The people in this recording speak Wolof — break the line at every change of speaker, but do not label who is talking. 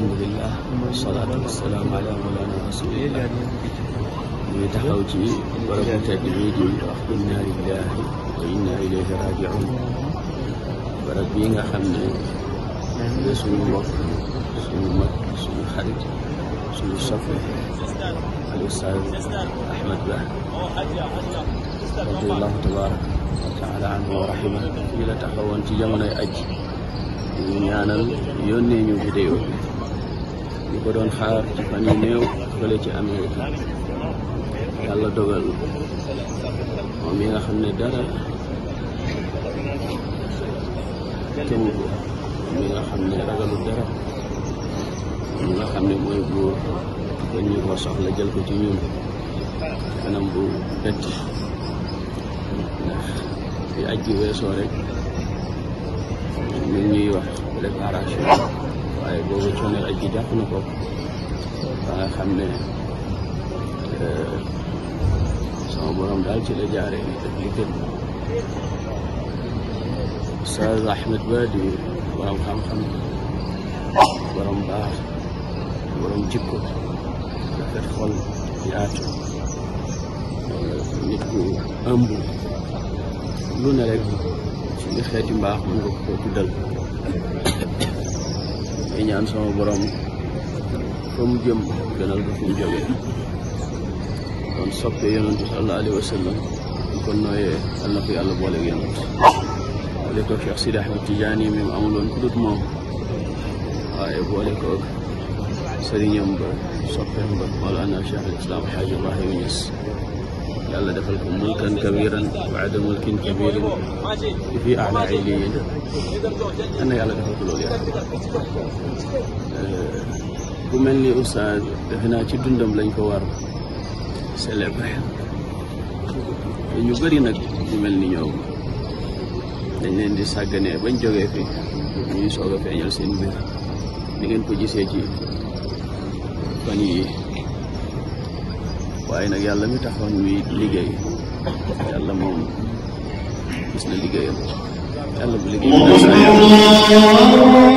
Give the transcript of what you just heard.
alhamdulilah wasalaatu wasalaamu ala mawlana rasulillah ñuy taxaw ci barab bu tedd bii di wax inna lillahi wa inna ilayhi rajiun barab bii nga xam ne de suñu mbokk suñu mag suñu xarit suñu soppe al ustaaz Ahmad Ba radiallahu tabaraka wa taala anhu wa rahima fii la taxawoon ci jamonoy aj ñu ñaanal yónnee ñu vidéo bi ñu ko doon xaar ci fan yu néew fële ci Amérique yàlla dogal moom mi nga xam ne dara tëwu ko mi nga xam ne ragalu dara mi nga xam ne mooy góor dañ ñu ko soxla jël ko ci ñun kanam bu betti ndax fi aj rek ñu ñuy wax préparation waaye boobu cooneel aj gi jàpp na ko ba nga xam ne eh, sama borom daal ci la jaaree li tëj li gën Oustaz Ahmed Ba di borom xam-xam borom baax borom jikko rafet xol yaatu nit ku ëmb lu ne rek ci xeeti mbaax mën nga ko tuddal may ñaan sama borom fa jëm gënal ko fu mu jógee kon soppee yonentu sallallahu alayhi wa kon nooyee yal na ko yàlla booleeg yonent boole ko Cheikh Sidi Ahmed Tidiane yi même amuloon moom waaye boole ko sëriñam ba soppeem ba wala ana Cheikh al Islam Xaaji Ibrahima Niass yàlla defal ko mulkan kabiran wa ada mulkin kabirin di fii ahla ayliyin ana yàlla defal ko loolu yàlla bu mel ni oustaz defe naa ci dundam lañ ko war célébrer ñu bëri nag ñu mel ni ñoom dañ leen di sàgganee bañ jógee fi ñuy soog a feeñal seen ni ngeen ko gisee ci fan yi waaye nag yàlla mi taxoon ñuy liggéey yàlla moom gis na liggéeyam yàlla bu liggéey